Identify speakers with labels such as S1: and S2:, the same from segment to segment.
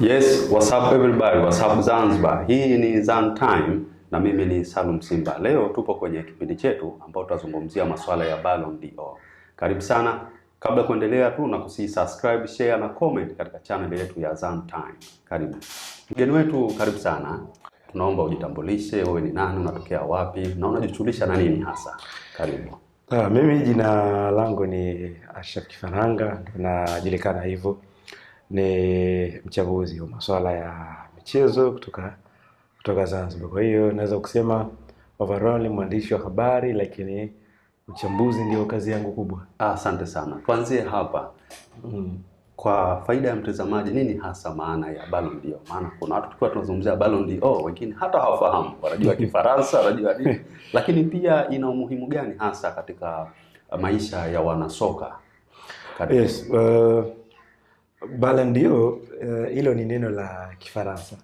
S1: Yes, what's up everybody, what's up Zanzibar. Hii ni Zan Time na mimi ni Salum Simba. Leo tupo kwenye kipindi chetu ambao tutazungumzia masuala ya Ballon d'Or. Karibu sana. Kabla kuendelea tu na kusii subscribe, share na comment katika channel yetu ya Zan Time. Karibu. Mgeni wetu karibu sana. Tunaomba ujitambulishe, wewe ni nani, unatokea wapi na unajishughulisha na nini hasa? Karibu.
S2: Ah, mimi jina langu ni Ashraf Kifaranga, tunajulikana hivyo ni mchambuzi wa masuala ya michezo kutoka kutoka Zanzibar. Kwa hiyo naweza kusema overall ni mwandishi wa habari, lakini uchambuzi ndio kazi yangu kubwa.
S1: Asante ah, sana. Tuanzie hapa mm. Kwa faida ya mtazamaji, nini hasa maana ya Ballon d'Or? Maana kuna watu tukiwa tunazungumzia Ballon d'Or, wengine hata hawafahamu, wanajua Kifaransa, wanajua nini, lakini pia ina umuhimu gani hasa katika maisha ya wanasoka?
S2: Yes, uh, balandio eh, hilo uh, ni neno la Kifaransa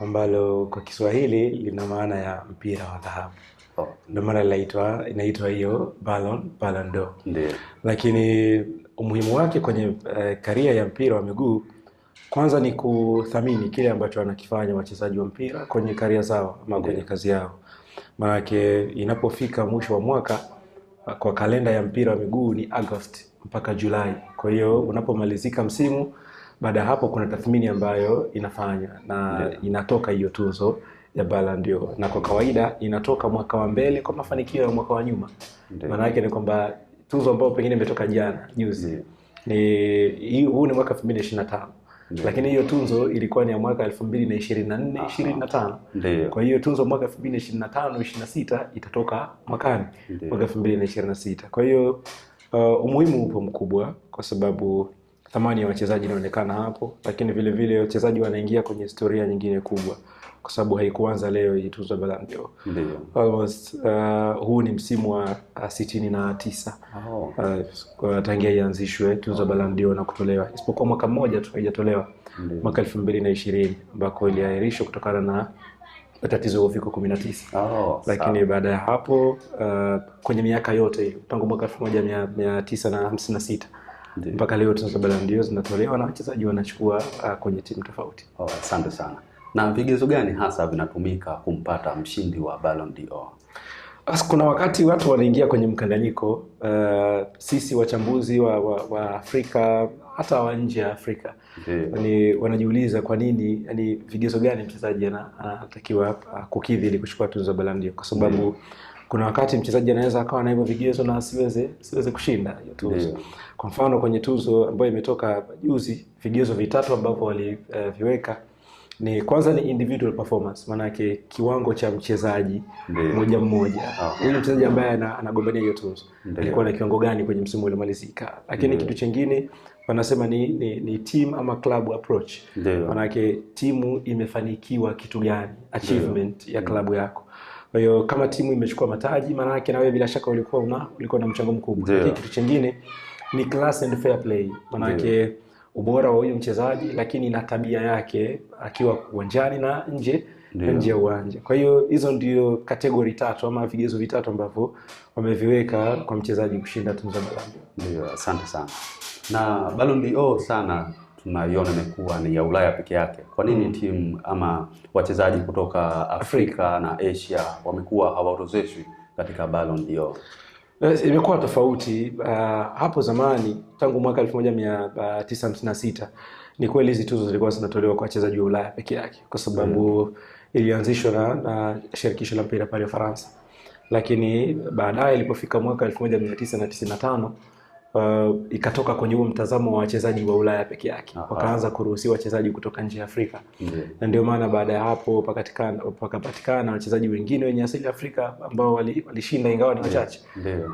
S2: ambalo kwa Kiswahili lina maana ya mpira wa dhahabu. Oh. Ndio maana inaitwa inaitwa hiyo Ballon Ballon Lakini umuhimu wake kwenye uh, eh, karia ya mpira wa miguu kwanza ni kuthamini kile ambacho anakifanya wachezaji wa mpira kwenye karia zao ama kwenye kazi yao. manake inapofika mwisho wa mwaka kwa kalenda ya mpira wa miguu ni agost mpaka Julai kwa hiyo unapomalizika msimu, baada ya hapo kuna tathmini ambayo inafanya na yeah. inatoka hiyo tuzo ya Ballon d'Or, na kwa kawaida inatoka mwaka wa mbele kwa mafanikio ya mwaka wa nyuma. Maana yake ni kwamba tuzo ambayo pengine imetoka jana juzi yeah. ni huu ni mwaka 2025 Ndiyo. Lakini hiyo tunzo ilikuwa ni ya mwaka 2024 25. Ah. Kwa hiyo tunzo mwaka 2025 26 itatoka mwakani mwaka 2026. Kwa hiyo Uh, umuhimu upo mkubwa kwa sababu thamani ya wachezaji inaonekana hapo, lakini vile vile wachezaji wanaingia kwenye historia nyingine kubwa kwa sababu haikuanza leo hii tuzo Ballon d'Or. Almost uh, huu ni msimu wa uh, sitini na tisa oh. Uh, tangia ianzishwe tuzo Ballon d'Or na kutolewa, isipokuwa mwaka mmoja tu haijatolewa, mwaka elfu mbili na ishirini ambako iliahirishwa kutokana na tatizo kumi na 19. Oh, lakini baada ya hapo uh, kwenye miaka yote tangu mwaka 1956 mpaka leo tunasabala ndio zinatolewa na wachezaji wanachukua uh, kwenye timu tofauti.
S1: Oh, asante oh, sana. Na vigezo gani hasa vinatumika kumpata mshindi wa Ballon d'Or?
S2: Kuna wakati watu wanaingia kwenye mkanganyiko uh, sisi wachambuzi wa, wa, wa Afrika hata wa nje ya Afrika yani, wanajiuliza kwa nini, yani vigezo gani mchezaji anatakiwa uh, kukidhi ili kuchukua tuzo ya Ballon d'Or, kwa sababu Deo. Kuna wakati mchezaji anaweza akawa na hivyo vigezo na asiweze siweze kushinda hiyo tuzo. Kwa mfano kwenye tuzo ambayo imetoka juzi, vigezo vitatu ambavyo waliviweka uh, ni kwanza ni individual performance, maana kiwango cha mchezaji mmoja mmoja, oh. mchezaji ambaye anagombania hiyo tuzo alikuwa na kiwango gani kwenye msimu uliomalizika. Lakini kitu chingine wanasema ni, ni, ni team ama club approach. Manake timu imefanikiwa kitu gani, achievement Deo. ya klabu mm. yako kwa hiyo kama timu imechukua mataji, manake na wewe bila shaka ulikuwa una ulikuwa na mchango mkubwa. Lakini kitu chingine ni class and fair play, manake ubora wa huyu mchezaji, lakini na tabia yake akiwa uwanjani na nje nje ya uwanja. Kwa hiyo hizo ndio kategori tatu ama vigezo vitatu ambavyo wameviweka kwa mchezaji kushinda tuzo ya Ballon
S1: d'Or. Ndio, asante sana. Na Ballon d'Or sana tunaiona imekuwa ni ya Ulaya peke yake. Kwa nini mm, timu ama wachezaji kutoka Afrika na Asia wamekuwa hawaorozeshwi katika Ballon d'Or?
S2: Eh, imekuwa tofauti uh, hapo zamani tangu mwaka 1956 ah, ni kweli hizi tuzo zilikuwa zinatolewa kwa wachezaji wa Ulaya peke yake kwa sababu mm ilianzishwa na, na shirikisho la mpira pale Ufaransa, lakini baadaye ilipofika mwaka 1995 Uh, ikatoka kwenye huo mtazamo wa wachezaji wa Ulaya peke yake, wakaanza kuruhusiwa wachezaji kutoka nje ya Afrika Na ndio maana baada ya hapo pakapatikana wachezaji wengine wenye asili ya Afrika ambao walishinda wali ingawa ni wachache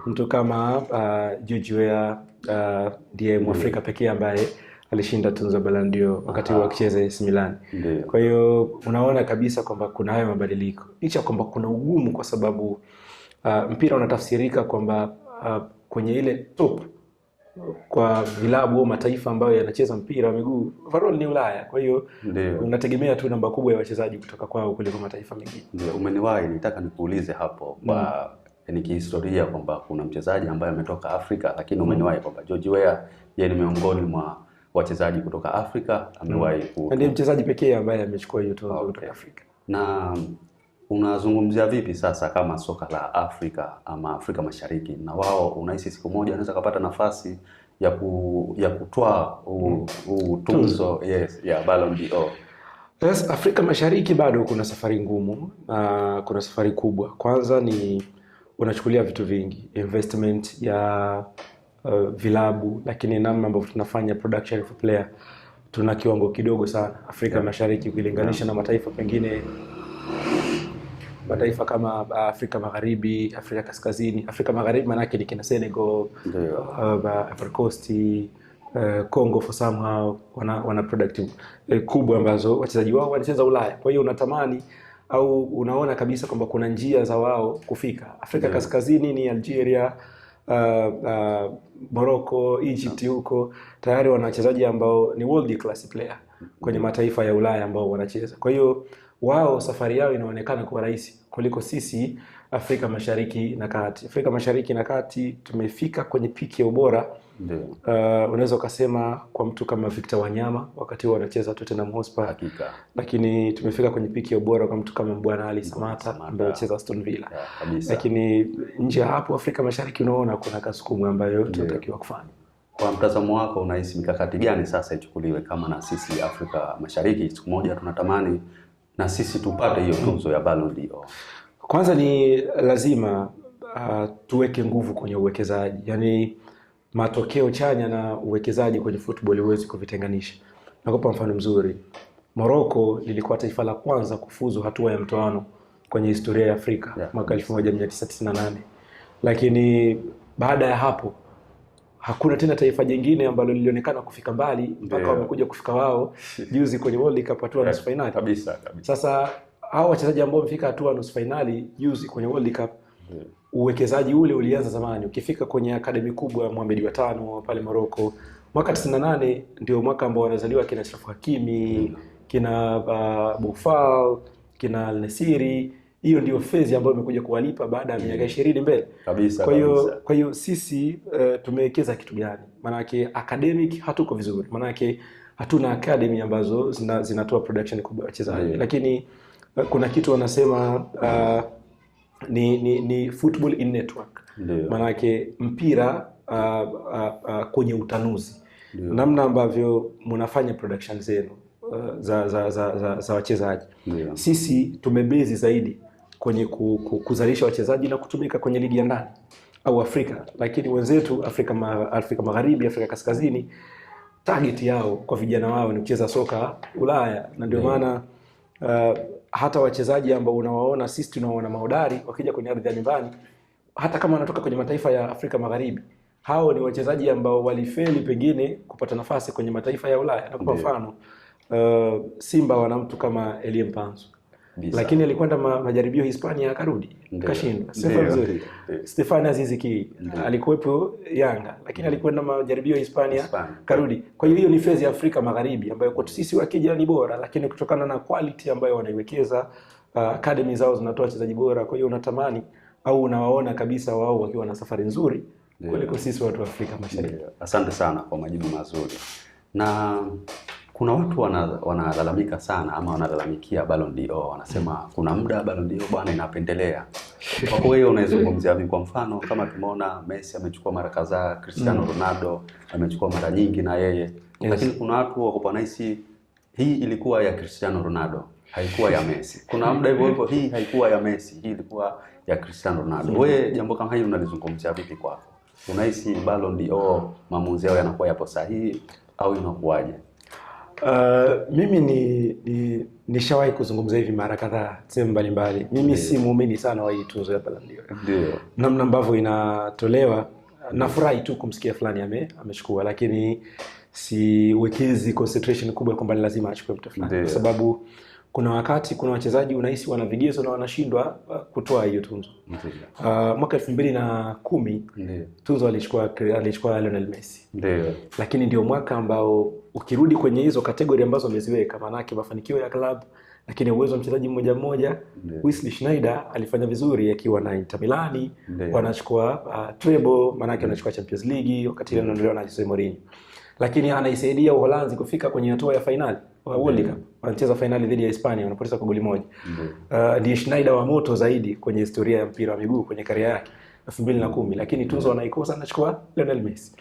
S2: Mtu kama uh, George Weah uh, ndiye Mwafrika pekee ambaye alishinda tunzo Ballon d'Or wakati wakicheza ah. AS Milan. Kwa hiyo unaona kabisa kwamba kuna hayo mabadiliko, licha kwamba kuna ugumu, kwa sababu uh, mpira unatafsirika kwamba uh, kwenye ile top kwa vilabu au mataifa ambayo yanacheza mpira wa miguu overall ni Ulaya. Kwa hiyo unategemea tu namba kubwa ya wachezaji kutoka kwao kuliko mataifa mengine.
S1: Ndio, umeniwahi nitaka nikuulize hapo kwa mm. ni kihistoria kwamba kuna mchezaji ambaye ametoka Afrika, lakini mm. umeniwahi kwamba George Weah yeye ni miongoni mwa wachezaji kutoka Afrika amewahi mm. Ndiye mchezaji pekee ambaye amechukua hiyo tuzo okay. kutoka Afrika. Na unazungumzia vipi sasa kama soka la Afrika ama Afrika Mashariki na wao, unahisi siku moja wanaweza kupata nafasi ya ku, ya kutwaa mm. tuzo yes, ya Ballon d'Or?
S2: Yes, Afrika Mashariki bado kuna safari ngumu na kuna safari kubwa. Kwanza ni unachukulia vitu vingi, investment ya uh, vilabu, lakini namna ambavyo tunafanya production for player tuna kiwango kidogo sana Afrika yeah. Mashariki ukilinganisha yeah. na mataifa pengine mataifa kama uh, Afrika Magharibi, Afrika Kaskazini. Afrika Magharibi maanake ni kina Senegal, uh, Ivory Coast, uh, Congo for somehow wana, wana product uh, kubwa ambazo wachezaji wao wanacheza Ulaya. Kwa hiyo unatamani au unaona kabisa kwamba kuna njia za wao kufika Afrika yeah. Kaskazini ni Algeria uh, uh, Morocco, Egypt huko tayari wana wachezaji ambao ni world class player kwenye mm-hmm. mataifa ya Ulaya ambao wanacheza. Kwa hiyo wao safari yao inaonekana kuwa rahisi kuliko sisi Afrika Mashariki na Kati. Afrika Mashariki na Kati tumefika kwenye piki ya ubora Uh, unaweza ukasema kwa mtu kama Victor Wanyama wakati huo anacheza Tottenham Hotspur. Hakika. Lakini tumefika kwenye piki ya ubora kwa mtu kama Bwana Ali Samata ambaye anacheza Aston Villa. Kabisa. Lakini nje ya hapo Afrika Mashariki unaona kuna kasukumu ambayo tunatakiwa kufanya.
S1: Kwa mtazamo wako unahisi mikakati gani sasa ichukuliwe kama na sisi Afrika Mashariki siku moja tunatamani na sisi tupate hiyo tuzo ya Ballon d'Or?
S2: Kwanza ni lazima uh, tuweke nguvu kwenye uwekezaji. Yaani matokeo chanya na uwekezaji kwenye football huwezi kuvitenganisha. Nakupa mfano mzuri, Morocco lilikuwa taifa la kwanza kufuzu hatua ya mtoano kwenye historia ya Afrika yeah, mwaka 1998 lakini baada ya hapo hakuna tena taifa jingine ambalo lilionekana kufika mbali mpaka yeah, wamekuja kufika wao juzi kwenye World Cup hatua nusu fainali kabisa, kabisa. Sasa hao wachezaji ambao wamefika hatua nusu finali juzi kwenye World Cup yeah uwekezaji ule ulianza zamani, ukifika kwenye akademi kubwa ya Mohamed wa tano pale Morocco mwaka 98 ndio mwaka ambao wanazaliwa kina Achraf Hakimi, kina uh, Boufal, kina Al Nassiri. Hiyo ndio fezi ambayo imekuja kuwalipa baada ya miaka 20 mbele kabisa. Kwa hiyo kwa hiyo sisi uh, tumewekeza kitu gani? Maana yake academic hatuko vizuri, maana yake hatuna academy ambazo zinatoa zina production kubwa wachezaji, lakini uh, kuna kitu wanasema uh, ni, ni, ni football in network Manake mpira uh, uh, uh, kwenye utanuzi Leo. Namna ambavyo mnafanya production zenu uh, za, za, za, za, za wachezaji sisi tumebezi zaidi kwenye kuzalisha wachezaji na kutumika kwenye ligi ya ndani au Afrika, lakini wenzetu Afrika, ma, Afrika Magharibi, Afrika Kaskazini, target yao kwa vijana wao ni kucheza soka Ulaya, na ndio maana uh, hata wachezaji ambao unawaona sisi tunawaona mahodari wakija kwenye ardhi ya nyumbani, hata kama wanatoka kwenye mataifa ya Afrika Magharibi, hao ni wachezaji ambao walifeli pengine kupata nafasi kwenye mataifa ya Ulaya. Na kwa mfano uh, Simba wana mtu kama Elie Mpanzu lakini alikwenda ma, majaribio Hispania akarudi akashindwa. Stefano Aziziki alikuwepo Yanga, lakini alikwenda majaribio Hispania karudi. Kwa hiyo hiyo ni fezi ya Afrika Magharibi ambayo kwetu sisi wakija ni bora, lakini kutokana na quality ambayo wanaiwekeza uh, academy zao zinatoa wachezaji bora, kwa hiyo unatamani au unawaona kabisa wao wakiwa na safari nzuri kuliko sisi watu wa Afrika Mashariki.
S1: Asante sana kwa majibu mazuri na kuna watu wanalalamika wana sana ama wanalalamikia Ballon d'Or, wanasema kuna muda Ballon d'Or bwana inapendelea. Kwako hiyo unaizungumzia vipi? Kwa mfano kama tumeona Messi amechukua mara kadhaa, Cristiano mm. Ronaldo amechukua mara nyingi na yeye yes. Lakini kuna watu wako wanahisi hii ilikuwa ya Cristiano Ronaldo haikuwa ya Messi. Kuna muda hivyo hivyo, hii haikuwa ya Messi, hii ilikuwa ya Cristiano Ronaldo. Mm. Wewe jambo kama hili unalizungumzia vipi kwako? Unahisi Ballon d'Or maamuzi yao yanakuwa yapo sahihi au inakuwaje?
S2: Uh, mimi ni, ni nishawahi kuzungumza hivi mara kadhaa sehemu mbalimbali. Mimi si muumini sana wa hii tuzo ya Ballon d'Or, Ndio. namna ambavyo inatolewa. Nafurahi tu kumsikia fulani ame, ameshukua, lakini siwekezi concentration kubwa kwamba ni lazima achukue mtu fulani, kwa sababu kuna wakati kuna wachezaji unahisi wana vigezo na wanashindwa uh, kutoa hiyo tunzo. Uh, mwaka elfu mbili na kumi tunzo alichukua Lionel Messi, lakini ndio mwaka ambao ukirudi kwenye hizo kategori ambazo ameziweka, maanake mafanikio ya club, lakini uwezo wa mchezaji mmoja mmoja. Wesley Schneider alifanya vizuri akiwa na Inter Milani, wanachukua uh, treble, maanake wanachukua Champions League wakati ile anaondolewa na Jose Mourinho, lakini anaisaidia Uholanzi kufika kwenye hatua ya fainali uh, wa World Cup, wanacheza fainali dhidi ya Hispania, wanapoteza kwa goli moja. Uh, ndiye uh, Schneider wa moto zaidi kwenye historia ya mpira wa miguu kwenye karia yake 2010, lakini tuzo anaikosa anachukua Lionel Messi.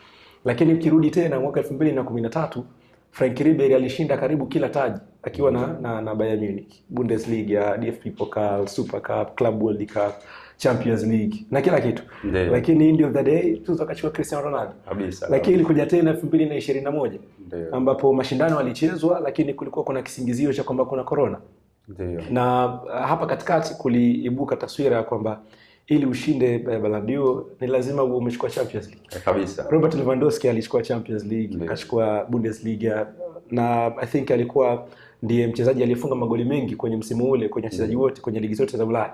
S2: Lakini ukirudi tena mwaka 2013 Frank Ribery alishinda karibu kila taji akiwa na, na, na Bayern Munich, Bundesliga, DFB Pokal, Super Cup, Club World Cup, Champions League na kila kitu Deo. Lakini end of the day tuzo akachukua Cristiano Ronaldo kabisa, lakini ilikuja tena 2021 ambapo mashindano yalichezwa, lakini kulikuwa kuna kisingizio cha kwamba kuna corona Deo. na hapa katikati kuliibuka taswira ya kwamba ili ushinde eh, Ballon d'Or ni lazima uwe umechukua Champions League. Eh, kabisa. Robert Lewandowski alichukua Champions League, akachukua Bundesliga na I think alikuwa ndiye mchezaji aliyefunga magoli mengi kwenye msimu ule kwenye wachezaji wote kwenye ligi zote za Ulaya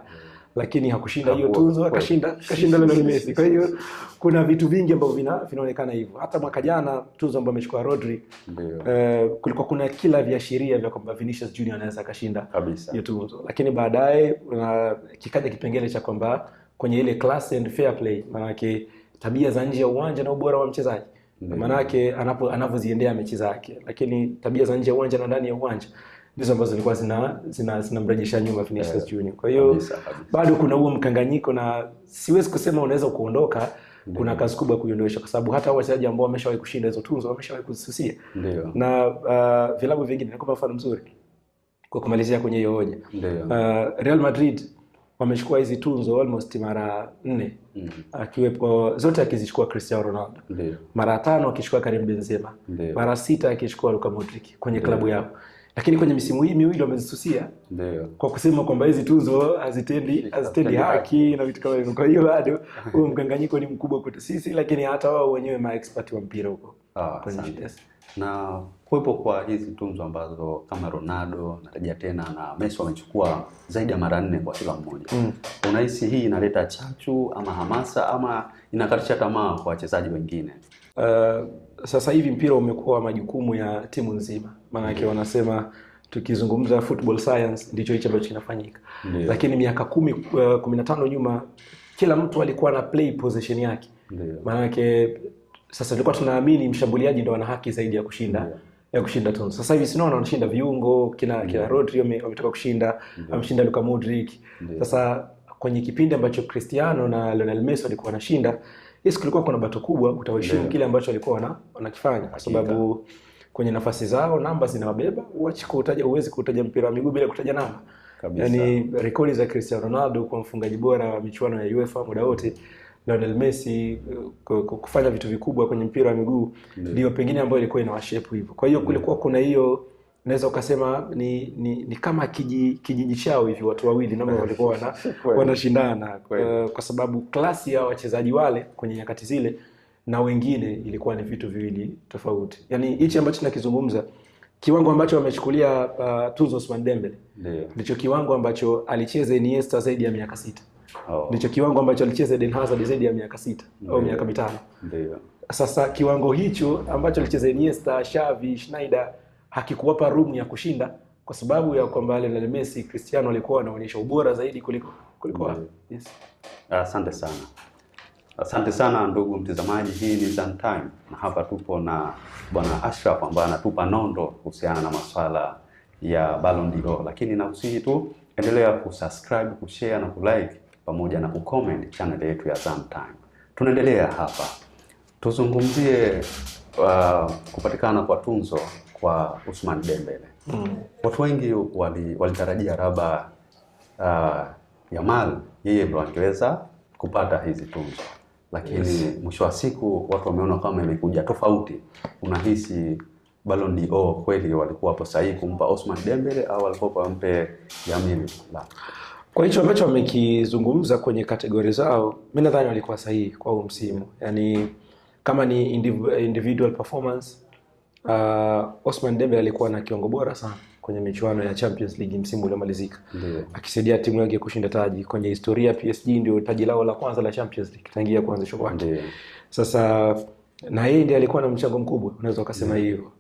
S2: lakini hakushinda hiyo tunzo, akashinda akashinda Lionel Messi. Kwa hiyo kuna vitu vingi ambavyo vinaonekana hivyo. Hata mwaka jana tunzo ambayo amechukua Rodri, uh, kulikuwa kuna kila viashiria vya kwamba Vinicius Junior anaweza akashinda hiyo tunzo, lakini baadaye uh, kikaja kipengele cha kwamba kwenye ile class and fair play, maanake tabia za nje ya uwanja na ubora wa mchezaji maanake anavyoziendea mechi zake, lakini tabia za nje ya uwanja na ndani ya uwanja ndizo ambazo zilikuwa zina zina zinamrejesha nyuma Vinicius yeah. Junior. Kwa hiyo bado kuna huo mkanganyiko na siwezi kusema unaweza kuondoka kuna kazi kubwa kuiondosha kwa sababu hata wachezaji ambao wameshawahi kushinda hizo tuzo wameshawahi kuzisusia na uh, vilabu vingine. Nakupa mfano mzuri kwa kumalizia kwenye hiyo hoja uh, Real Madrid wamechukua hizi tunzo almost mara nne mm. akiwepo zote akizichukua Cristiano Ronaldo Deo. mara tano akichukua Karim Benzema Deo. mara sita akichukua Luka Modric kwenye Deo. klabu yao lakini kwenye misimu hii miwili wamezisusia kwa kusema kwamba hizi tuzo hazitendi hazitendi haki na vitu kama hivyo. Kwa hiyo bado huo mkanganyiko ni mkubwa kwetu sisi, lakini hata wao wenyewe maexpert wa mpira huko ah,
S1: na kuwepo kwa hizi tunzo ambazo kama Ronaldo narejea tena na Messi wamechukua zaidi ya mara nne kwa kila mmoja mm. Unahisi hii inaleta chachu ama hamasa ama inakatisha tamaa kwa wachezaji wengine? Uh,
S2: sasa hivi mpira umekuwa majukumu ya timu nzima maanake wanasema tukizungumza football science ndicho hicho ambacho kinafanyika yeah. lakini miaka kumi uh, kumi na tano nyuma kila mtu alikuwa na play position yake yeah. maanake sasa tulikuwa tunaamini mshambuliaji ndo ana haki zaidi ya kushinda yeah ya kushinda tuzo. Sasa hivi sinaona wanashinda viungo kina yeah. kina Rodri wametoka kushinda yeah. ameshinda Luka Modric yeah. Sasa kwenye kipindi ambacho Cristiano na Lionel Messi walikuwa wanashinda, hisi kulikuwa kuna bato kubwa, utawaheshimu yeah. kile ambacho walikuwa wanakifanya kwa sababu yeah kwenye nafasi zao, namba zinawabeba. Huachi kutaja, huwezi kutaja mpira wa miguu bila kutaja namba kabisa. Yani rekodi za Cristiano Ronaldo kwa mfungaji bora wa michuano ya UEFA muda wote Lionel Messi kufanya vitu vikubwa kwenye mpira wa miguu ndio pengine ambayo ilikuwa inawashape hivyo. Kwa hiyo kulikuwa kuna hiyo naweza ukasema ni, ni, ni kama kijiji, kijiji chao hivi watu wawili namna walikuwa wanashindana wana uh, eh, kwa sababu klasi ya wachezaji wale kwenye nyakati zile na wengine ilikuwa ni vitu viwili tofauti. Yaani hichi ambacho nakizungumza kiwango ambacho wamechukulia uh, tuzo Osman Dembele ndicho kiwango ambacho alicheza Iniesta zaidi ya miaka sita oh. ndicho oh. kiwango ambacho alicheza Eden Hazard zaidi ya miaka sita au miaka mitano. Deo. Sasa kiwango hicho ambacho alicheza Iniesta, Xavi, Schneider hakikuwapa room ya kushinda kwa sababu ya kwamba Lionel Messi, Cristiano walikuwa wanaonyesha ubora zaidi kuliko kuliko. Yes.
S1: Asante sana. Asante sana ndugu mtazamaji, hii ni Zantime na hapa tupo na bwana Ashraf ambaye anatupa nondo kuhusiana na masuala ya Ballon d'Or, lakini nakusihi tu endelea kusubscribe, kushare na kulike pamoja na kucomment channel yetu ya Zantime. Tunaendelea hapa tuzungumzie uh, kupatikana kwa tunzo kwa Ousmane Dembele. Mm. Watu wengi walitarajia wali raba uh, Yamal yeye ndo angeweza kupata hizi tunzo lakini yes. Mwisho wa siku watu wameona kama imekuja tofauti. Unahisi Ballon d'Or kweli walikuwa hapo sahihi kumpa Osman Dembele au walikuwa wampe Yamini? La,
S2: kwa hicho ambacho wamekizungumza kwenye kategori zao, mimi nadhani walikuwa sahihi kwa huu msimu, yaani kama ni individual performance uh, Osman Dembele alikuwa na kiwango bora sana kwenye michuano ya Champions League msimu uliomalizika akisaidia timu yake kushinda taji. Kwenye historia PSG ndio taji lao la kwanza la Champions League tangia kuanzishwa kwake. Sasa na yeye ndiye alikuwa na mchango mkubwa, unaweza ukasema hivyo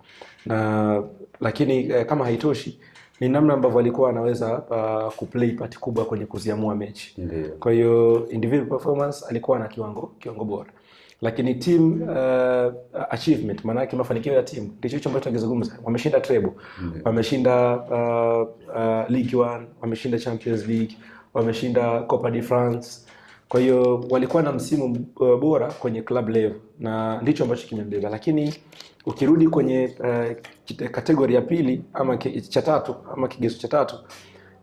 S2: na lakini eh, kama haitoshi ni namna ambavyo alikuwa anaweza uh, kuplay part kubwa kwenye kuziamua mechi. Kwa hiyo individual performance alikuwa na kiwango kiwango bora lakini team uh, achievement, maana yake mafanikio ya timu ndicho hicho ambacho tunakizungumza. Wameshinda treble, wameshinda uh, uh, league 1, wameshinda Champions League, wameshinda Copa de France. Kwa hiyo walikuwa na msimu uh, bora kwenye club level na ndicho ambacho kimembeba, lakini ukirudi kwenye uh, kategori ya pili ama cha tatu ama kigezo cha tatu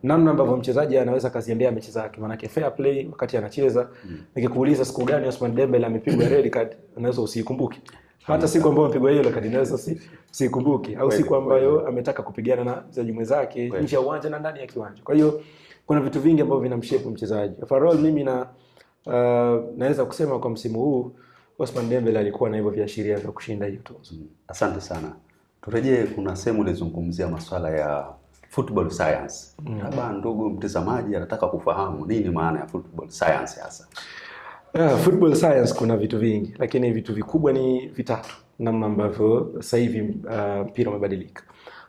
S2: namna ambavyo mchezaji anaweza kaziendea mechi zake, maanake fair play wakati anacheza. Mm. Nikikuuliza siku gani Osman Dembele amepigwa red card, unaweza usiikumbuke hata siku ambayo amepigwa hiyo lakini naweza si sikumbuki, au siku ambayo ametaka kupigana na mchezaji mwenzake nje ya uwanja na ndani ya kiwanja. Kwa hiyo kuna vitu vingi ambavyo vinamshape mchezaji. Overall mimi na uh, naweza kusema kwa msimu huu Osman Dembele alikuwa na hivyo viashiria vya kushinda hiyo tuzo. Mm.
S1: Asante sana. Turejee, kuna sehemu ulizungumzia masuala ya football science. Mm. Labda mm. ndugu mtazamaji anataka kufahamu nini maana ya football science hasa.
S2: Yeah, football science kuna vitu vingi, lakini vitu vikubwa ni vitatu, namna ambavyo sasa hivi uh, mpira uh, umebadilika.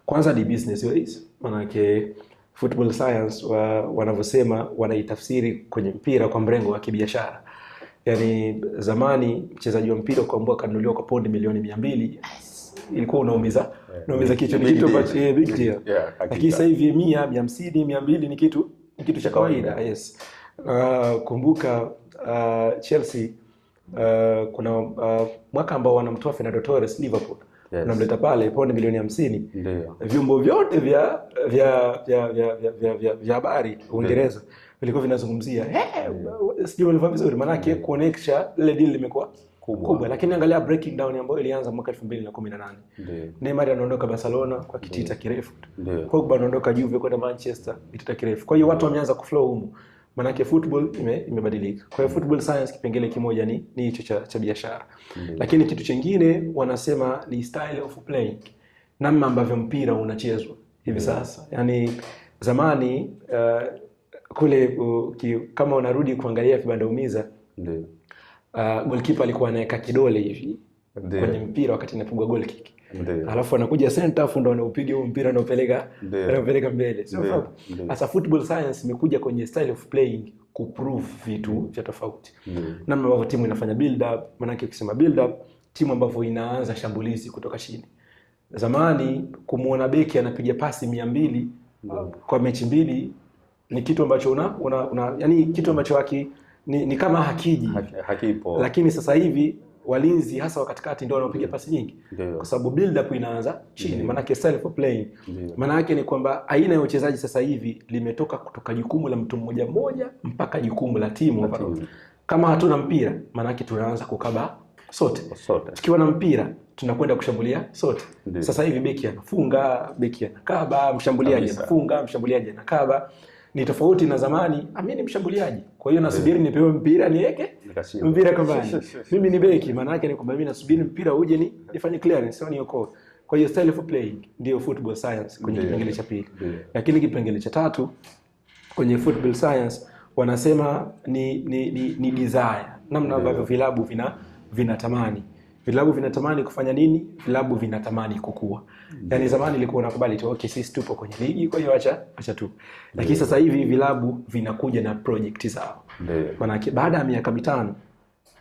S2: Kwanza ni business ways, manake football science wa, wanavyosema wanaitafsiri kwenye mpira kwa mrengo wa kibiashara. Yaani zamani mchezaji wa mpira kuambua kanunuliwa kwa pondi milioni mia mbili ilikuwa unaumiza Naumiza kichwa ni kitu ambacho yeah, big deal. lakini sasa hivi 100, 150, 200 ni kitu ni kitu cha kawaida. Yes. Uh, kumbuka uh, Chelsea uh, kuna uh, mwaka ambao wanamtoa Fernando Torres Liverpool. Yes. Unamleta pale pone milioni 50 ndio Vyombo vyote vya vya vya vya vya vya vya habari Uingereza vilikuwa vinazungumzia. Hey, sijui walivaa vizuri maana yake connection ile deal limekuwa kubwa, kubwa. Lakini angalia breaking down ambayo ilianza mwaka 2018 ndio Neymar anaondoka Barcelona kwa kitita kirefu, Pogba anaondoka Juve kwenda Manchester kitita kirefu. Kwa hiyo watu wameanza kuflow humo, manake football ime, imebadilika. Kwa hiyo football science kipengele kimoja ni ni hicho cha, cha biashara, lakini kitu chingine wanasema ni style of playing, namna ambavyo mpira unachezwa hivi sasa. Yaani zamani uh, kule uh, ki, kama unarudi kuangalia vibanda umiza ndio uh, golkipa alikuwa anaweka kidole hivi Ndiyo. kwenye mpira wakati inapigwa goal kick Ndiyo. alafu anakuja center afu ndo anaupiga huo mpira anaupeleka anaupeleka mbele sio fahamu sasa football science imekuja kwenye style of playing kuprove vitu vya tofauti namna ambavyo timu inafanya build up maanake ukisema build up timu ambavyo inaanza shambulizi kutoka chini zamani kumuona beki anapiga pasi mia mbili uh, kwa mechi mbili ni kitu ambacho una, una, una yani kitu ambacho haki ni, ni kama hakiji hakipo, lakini sasa hivi walinzi hasa wa katikati ndio wanaopiga pasi nyingi yeah. kwa sababu build up inaanza chini, yeah. maanake self playing. yeah. yake ni kwamba aina ya uchezaji sasa hivi limetoka kutoka jukumu la mtu mmoja mmoja mpaka jukumu la timu. Kama hatuna mpira, maanake tunaanza kukaba sote, tukiwa na mpira tunakwenda kushambulia sote. Sasa hivi beki anafunga, beki anakaba, mshambuliaji anafunga, mshambuliaji anakaba ni tofauti na zamani. mi ni mshambuliaji, kwa hiyo nasubiri nipewe mpira niweke mpira kambani. Mimi ni beki, maana yake ni kwamba nasubiri mpira uje ni nifanye clearance au niokoe. Kwa hiyo style of playing ndio football science kwenye kipengele cha pili, lakini kipengele cha tatu kwenye football science wanasema ni ni, ni, ni desire, namna ambavyo vilabu vina vinatamani Vilabu vinatamani kufanya nini? Vilabu vinatamani kukua. Mm. yani zamani ilikuwa nakubali tu, okay, sisi tupo kwenye ligi, kwa hiyo acha acha tu. Lakini sasa hivi vilabu vinakuja na project zao. manake baada ya miaka mitano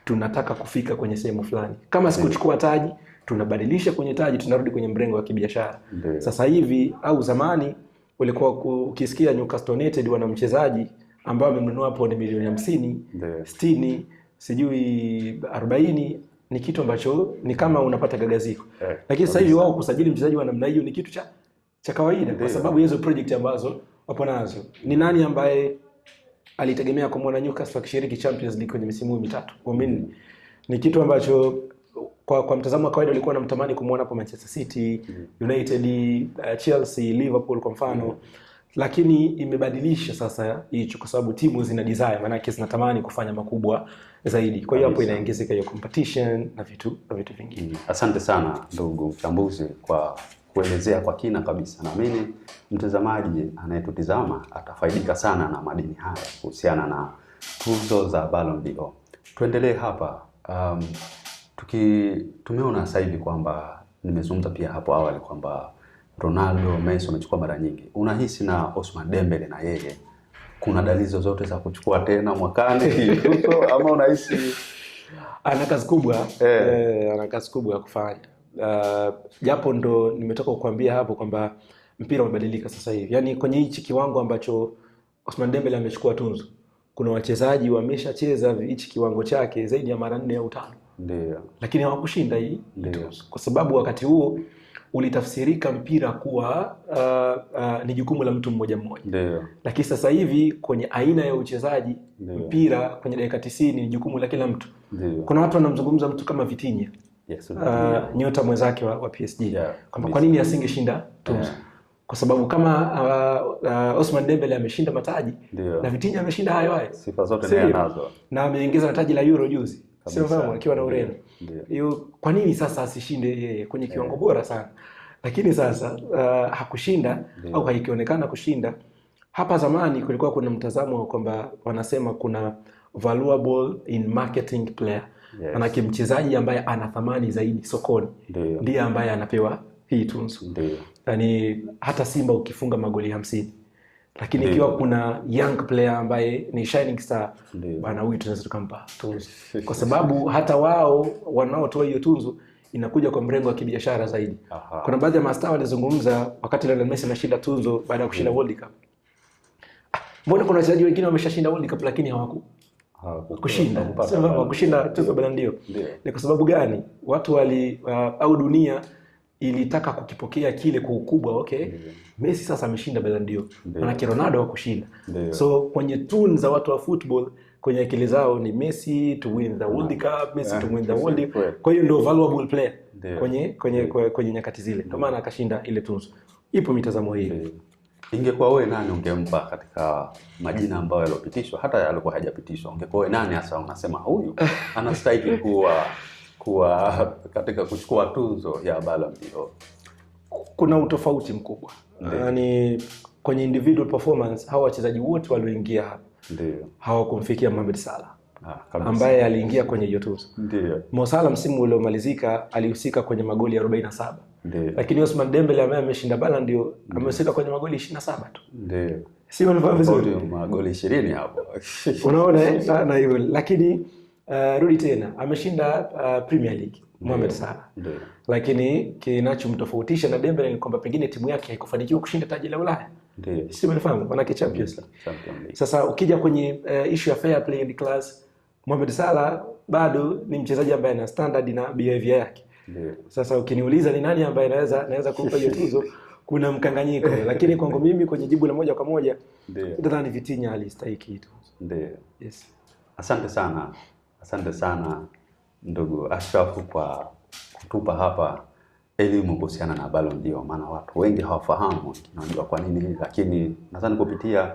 S2: tunataka kufika kwenye sehemu fulani. Kama sikuchukua taji, tunabadilisha kwenye taji, tunarudi kwenye mrengo wa kibiashara. Sasa hivi au zamani ulikuwa ukisikia Newcastle United wana mchezaji ambao amemnunua hapo ni milioni hamsini, sitini, sijui arobaini ni kitu ambacho ni kama unapata gagaziko eh, lakini sasa hivi wao kusajili mchezaji wa namna hiyo ni kitu cha cha kawaida kwa sababu hizo project ambazo wapo nazo. Ni nani ambaye alitegemea kumwona Newcastle akishiriki Champions League kwenye misimu mitatu au minne? Ni kitu ambacho kwa, kwa mtazamo wa kawaida ulikuwa unamtamani kumwona hapo Manchester City, mm-hmm. United, uh, Chelsea, Liverpool kwa mfano mm -hmm lakini imebadilisha sasa hicho kwa sababu timu zina desire, maanake zinatamani kufanya makubwa zaidi. Kwa hiyo hapo inaongezeka hiyo competition na vitu na vitu vingine. Mm-hmm.
S1: Asante sana ndugu mchambuzi kwa kuelezea kwa kina kabisa. Naamini mtazamaji anayetutizama atafaidika sana na madini haya kuhusiana na tuzo za Ballon d'Or. Tuendelee hapa um, tuki tumeona sasa hivi kwamba nimezungumza pia hapo awali kwamba Ronaldo, Messi wamechukua mara nyingi. Unahisi na Osman Dembele na yeye kuna dalili zozote za kuchukua tena mwakani ama unahisi
S2: ana kazi kubwa eh? Eh, ana kazi kubwa ya kufanya ah, japo uh, ndo nimetoka kukwambia hapo kwamba mpira umebadilika sasa hivi, yaani kwenye hichi kiwango ambacho Osman Dembele amechukua tunzo, kuna wachezaji wameshacheza hichi kiwango chake zaidi ya mara nne au tano, ndio, lakini hawakushinda hii, kwa sababu wakati huo ulitafsirika mpira kuwa uh, uh, ni jukumu la mtu mmoja mmoja, lakini sasa hivi kwenye aina ya uchezaji mpira kwenye dakika tisini ni jukumu la kila mtu. Deo. Kuna watu wanamzungumza mtu kama Vitinha yes, uh, nyota mwenzake wa, wa PSG kwamba kwa nini asingeshinda tuzo kwa sababu kama uh, uh, Osman Dembele ameshinda mataji Deo. na Vitinha ameshinda hayo hayo, sifa zote nazo, na ameingiza taji la Euro juzi akiwa na Ureno. Hiyo kwa nini sasa asishinde yeye kwenye eh. kiwango bora sana? Lakini sasa uh, hakushinda au haikionekana kushinda. Hapa zamani kulikuwa kuna mtazamo kwamba wanasema kuna valuable in marketing player. Yes. Manake mchezaji ambaye ana thamani zaidi sokoni ndiye ambaye anapewa hii tunzo. Yaani, hata Simba ukifunga magoli hamsini lakini ikiwa kuna young player ambaye ni shining star bana, huyu tunaweza tukampa tunzo, kwa sababu hata wao wanaotoa hiyo tunzo inakuja kwa mrengo wa kibiashara zaidi. Aha. Kuna baadhi ya mastaa walizungumza wakati Lionel Messi anashinda tunzo baada ya kushinda World Cup, mbona kuna wachezaji wengine wameshashinda World Cup lakini hawaku kushinda sababu kushinda tuzo bana, ndio ni kwa sababu gani watu wali uh, au dunia ilitaka kukipokea kile kwa ukubwa okay yeah. Messi sasa ameshinda Ballon d'Or yeah. Manake Ronaldo hakushinda yeah. So kwenye tune za watu wa football kwenye akili zao ni Messi to win the World Cup, Messi yeah, to ah, win the World Kwa hiyo ndio valuable player kwenye kwenye kwenye nyakati zile, ndio maana akashinda ile tunzo. Ipo mitazamo hii.
S1: Ingekuwa wewe nani ungempa katika majina ambayo yalopitishwa, hata yalikuwa hajapitishwa, ungekuwa wewe nani hasa unasema huyu anastahili kuwa kuwa katika kuchukua tuzo ya Ballon d'Or?
S2: Kuna utofauti mkubwa, yaani kwenye individual performance hawa wachezaji wote walioingia hapa ndio hawakumfikia Mohamed Salah Ha, ah, ambaye aliingia kwenye hiyo tuzo. Ndio. Mo Salah msimu uliomalizika alihusika kwenye magoli 47. Ndio. Lakini Ousmane Dembele ambaye ameshinda Ballon ndio amehusika kwenye magoli 27 tu. Ndio.
S1: Sio vizuri. Magoli 20 hapo.
S2: Unaona eh? Sana hiyo. Lakini Eh, rudi tena ameshinda uh, Premier League Mohamed Salah, lakini kinachomtofautisha na Dembele ni kwamba pengine timu yake haikufanikiwa kushinda taji la Ulaya. Ndio. Sisi tunafahamu manake Champions League. Sasa ukija kwenye uh, issue ya fair play and class, Mohamed Salah bado ni mchezaji ambaye ana standard na behavior yake. Ndio. Sasa ukiniuliza ni nani ambaye anaweza anaweza kumpa hiyo tuzo kuna mkanganyiko lakini kwangu mimi kwenye jibu la moja kwa moja nadhani Vitinha alistahili kitu. Ndio.
S1: Yes. Asante sana. Asante sana ndugu Ashraf kwa kutupa hapa elimu kuhusiana na Ballon d'Or, maana watu wengi hawafahamu tunajua kwa nini, lakini nadhani kupitia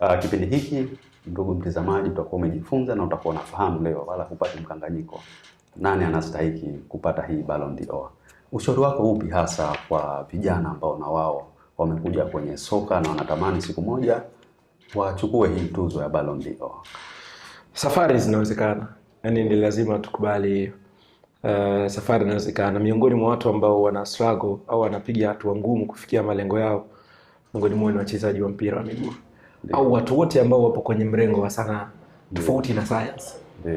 S1: uh, kipindi hiki ndugu mtazamaji, utakuwa umejifunza na utakuwa unafahamu leo, wala hupati mkanganyiko nani anastahiki kupata hii Ballon d'Or. Ushauri wako upi hasa kwa vijana ambao na wao wamekuja kwenye soka na wanatamani siku moja
S2: wachukue hii tuzo ya Ballon d'Or? Safari zinawezekana yani ni lazima tukubali uh, safari inawezekana. Miongoni mwa watu ambao wana struggle au wanapiga hatua ngumu kufikia malengo yao, miongoni mwao ni wachezaji wa mpira wa miguu au watu wote ambao wapo kwenye mrengo wa sanaa tofauti na science,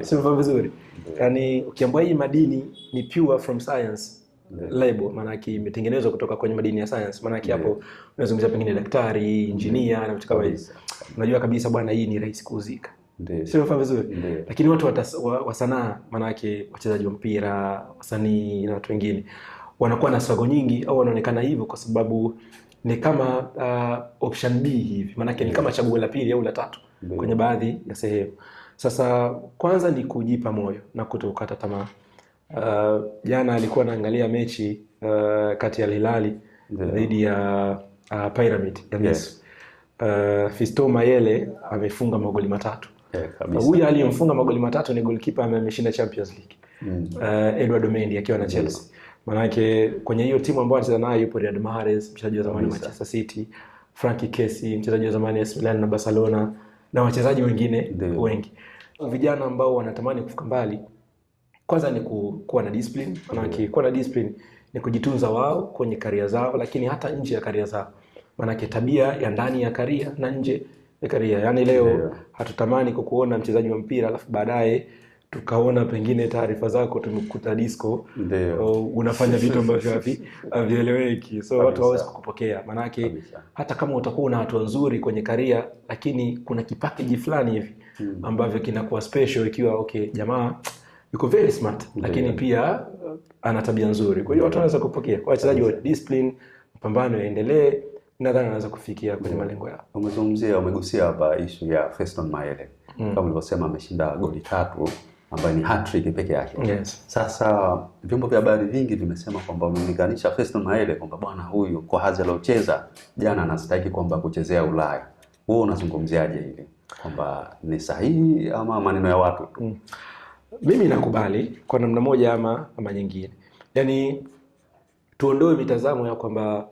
S2: sio Vizuri, yani ukiambiwa hii madini ni pure from science label maana imetengenezwa kutoka kwenye madini ya science. Maana yake hapo unazungumzia pengine daktari, engineer na vitu kama hizo, unajua kabisa bwana, hii ni rahisi kuuzika sinafaa vizuri lakini watu watas, wa, wa sanaa wachezaji wa mpira wasanii na watu wengine wanakuwa na swago nyingi au wanaonekana hivyo kwa sababu ni kama uh, option B hivi manake ni kama chaguo la pili au la tatu Ndiyo. kwenye baadhi ya sehemu sasa kwanza ni kujipa moyo na kutokata tamaa uh, jana alikuwa anaangalia mechi uh, kati ya hilali dhidi ya uh, pyramid ya yes. uh, fisto mayele amefunga magoli matatu yeah, huyu aliyemfunga magoli matatu ni goalkeeper ambaye ameshinda Champions League mm. uh, Edward Mendy akiwa na mm. Chelsea yeah. Manake kwenye hiyo timu ambayo anacheza nayo yupo Riyad Mahrez, mchezaji wa zamani wa Manchester City, Frankie Kessi, mchezaji wa zamani AC Milan na Barcelona na wachezaji wengine yeah. wengi. Vijana ambao wanatamani kufika mbali, kwanza ni ku, kuwa na discipline. Manake kuwa na discipline ni kujitunza wao kwenye karia zao, lakini hata nje ya karia zao, manake tabia ya ndani ya karia na nje Karia. Yaani leo yeah. hatutamani kukuona mchezaji wa mpira alafu baadaye tukaona pengine taarifa zako tumekuta disco uh, unafanya vitu ambavyo havieleweki so watu hawawezi kukupokea maanake hata kama utakuwa una hatua nzuri kwenye karia lakini kuna kipakeji fulani hivi hmm. ambavyo kinakuwa special ikiwa okay jamaa yuko very smart Deo. lakini pia ana tabia nzuri kwa hiyo watu wanaweza kupokea kwa wachezaji wa discipline mapambano yaendelee nadhani anaweza kufikia kwenye malengo yao.
S1: Umezungumzia, umegusia hapa ishu ya Feston Mayele mm. kama ulivyosema ameshinda goli tatu ambayo ni hattrick peke yake yes. Sasa vyombo vya habari vingi vimesema kwamba wamemlinganisha Feston Mayele kwamba bwana huyu kwa hadhi aliocheza jana anastahili kwamba kuchezea Ulaya. Wewe unazungumziaje hili kwamba ni sahihi ama maneno ya watu tu? Mm.
S2: Mimi nakubali kwa namna moja ama ama nyingine, yaani tuondoe mitazamo ya kwamba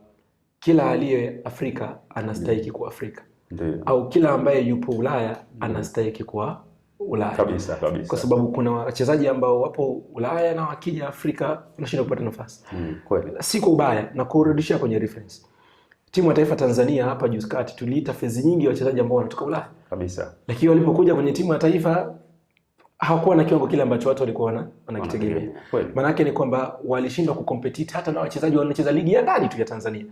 S2: kila aliye Afrika anastahiki kuwa Afrika Ndiyo. au kila ambaye yupo Ulaya anastahiki kuwa Ulaya kabisa, kabisa. Kwa sababu kuna wachezaji ambao wapo Ulaya na wakija Afrika wanashinda kupata nafasi mm, kweli. Si kwa ubaya na kurudishia kwenye reference timu ya taifa Tanzania hapa juzi kati tuliita fezi nyingi wachezaji ambao wanatoka Ulaya kabisa, lakini walipokuja kwenye timu ya taifa hakuwa na kiwango kile ambacho watu walikuwa wanakitegemea. Maana ni kwamba walishindwa kucompete hata na wachezaji wanacheza ligi ya ndani tu ya Tanzania,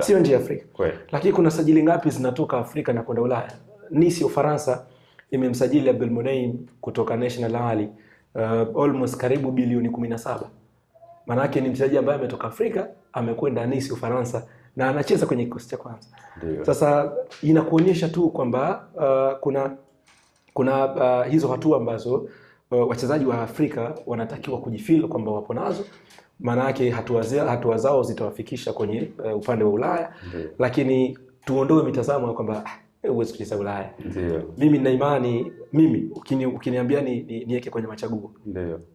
S2: sio nje ya Afrika. Lakini kuna sajili ngapi zinatoka Afrika na kwenda Ulaya? Nice Ufaransa imemsajili Abdul Munaim kutoka National Al uh, almost karibu bilioni 17. Maana ni mchezaji ambaye ametoka Afrika amekwenda Nice Ufaransa na anacheza kwenye kikosi cha kwanza. Sasa inakuonyesha tu kwamba uh, kuna kuna uh, hizo hatua ambazo uh, wachezaji wa Afrika wanatakiwa kujifil kwamba wapo nazo, maana yake hatua, hatua zao zitawafikisha kwenye uh, upande wa Ulaya mm lakini tuondoe mitazamo ya kwamba ah, eh, huwezi kucheza Ulaya. Mimi na imani mimi ukini, ukiniambia niweke ni, ni kwenye machaguo.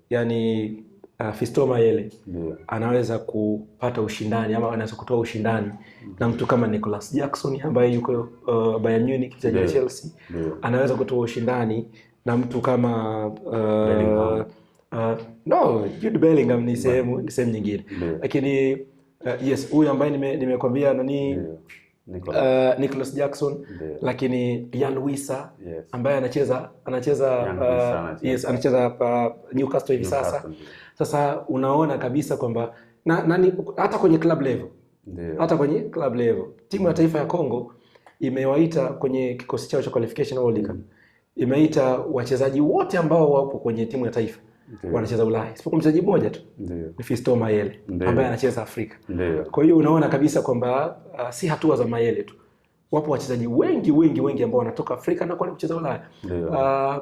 S2: Yaani uh, Fiston Mayele yeah. anaweza kupata ushindani ama anaweza kutoa ushindani mm. na mtu kama Nicholas Jackson ambaye yuko uh, Bayern Munich mchezaji yeah. Chelsea yeah. anaweza kutoa ushindani na mtu kama uh, uh, no Jude Bellingham ni sehemu ni sehemu nyingine yeah. lakini uh, yes huyu ambaye nime nimekwambia nani yeah. Nicholas. Uh, Nicholas Jackson yeah. lakini Jan Wisa yes. ambaye anacheza anacheza uh, yes, anacheza uh, Newcastle hivi sasa Newcastle. Sasa unaona kabisa kwamba na, nani, hata kwenye club level Ndiyo. hata kwenye club level timu ya mm. taifa ya Kongo imewaita kwenye kikosi chao cha qualification au World imeita wachezaji wote ambao wapo kwenye timu ya taifa wanacheza Ulaya isipokuwa mchezaji mmoja tu ni Fiston Mayele ambaye anacheza Afrika. Kwa hiyo unaona kabisa kwamba uh, si hatua za Mayele tu, wapo wachezaji wengi wengi wengi ambao wanatoka Afrika na kwenda kucheza Ulaya. Uh,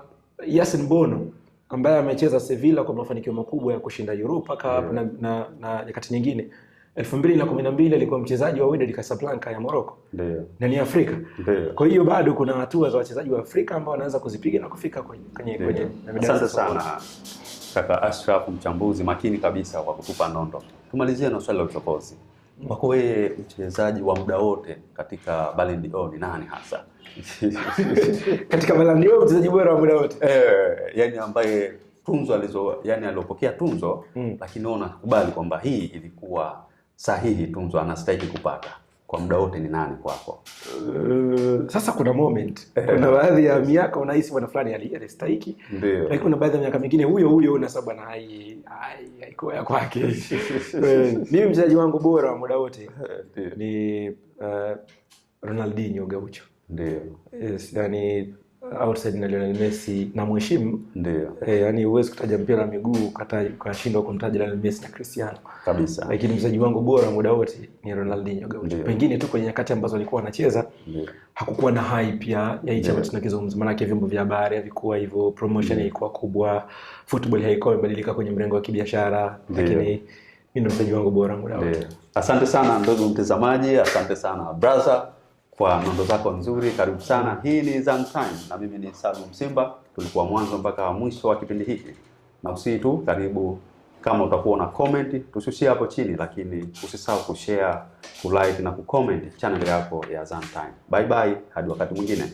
S2: Yasin Bono ambaye amecheza Sevilla kwa mafanikio makubwa ya kushinda Europa Cup yeah. na, na, na nyakati nyingine elfu na kumi na mbili alikuwa mchezaji wa Wydad Casablanca ya Morocco na ni Afrika. Kwa hiyo bado kuna hatua za wachezaji wa Afrika ambao wanaanza kuzipiga na kufika kwenye kwenye kwenye. Asante sana
S1: kaka Ashraf, mchambuzi makini kabisa kwa kutupa nondo. Tumalizie na swali la uchokozi wako wewe mchezaji wa muda wote katika Ballon d'Or ni nani hasa?
S2: Katika Ballon d'Or mchezaji bora wa muda wote.
S1: Eh, yani ambaye tunzo alizo yani aliopokea tunzo mm, lakini wewe unakubali kwamba hii ilikuwa sahihi tunzo anastahili kupata kwa muda wote ni nani kwako?
S2: Uh, sasa kuna moment, kuna baadhi ya miaka unahisi bwana fulani alistahiki, lakini kuna baadhi ya miaka mingine huyo huyo una sababu na hai haiko ya kwake. Mimi mchezaji wangu bora wa muda wote ni uh, Ronaldinho Gaucho. Ndio. Yes, eh, yani outside na Lionel Messi na mheshimu ndio. eh, yani uwezi kutaja mpira wa miguu ukashindwa kumtaja Lionel Messi na Cristiano kabisa, lakini mchezaji wangu bora muda wote ni Ronaldinho Gaucho. Pengine tu kwenye nyakati ambazo alikuwa anacheza hakukuwa na hype ya ya hicho ambacho tunakizungumza, maana yake vyombo vya habari havikuwa hivyo, promotion ilikuwa kubwa, football haikuwa imebadilika kwenye mrengo wa kibiashara, lakini mimi ndo mchezaji wangu bora muda wote.
S1: Asante sana ndugu mtazamaji, asante sana brother kwa nondo zako nzuri. Karibu sana, hii ni Zantime na mimi ni Salum simba Tulikuwa mwanzo mpaka mwisho wa kipindi hiki, na usii tu karibu, kama utakuwa na comment tushushie hapo chini, lakini usisahau kushare, kulike na kucomment channel yako ya Zantime. Bye bye, hadi wakati mwingine.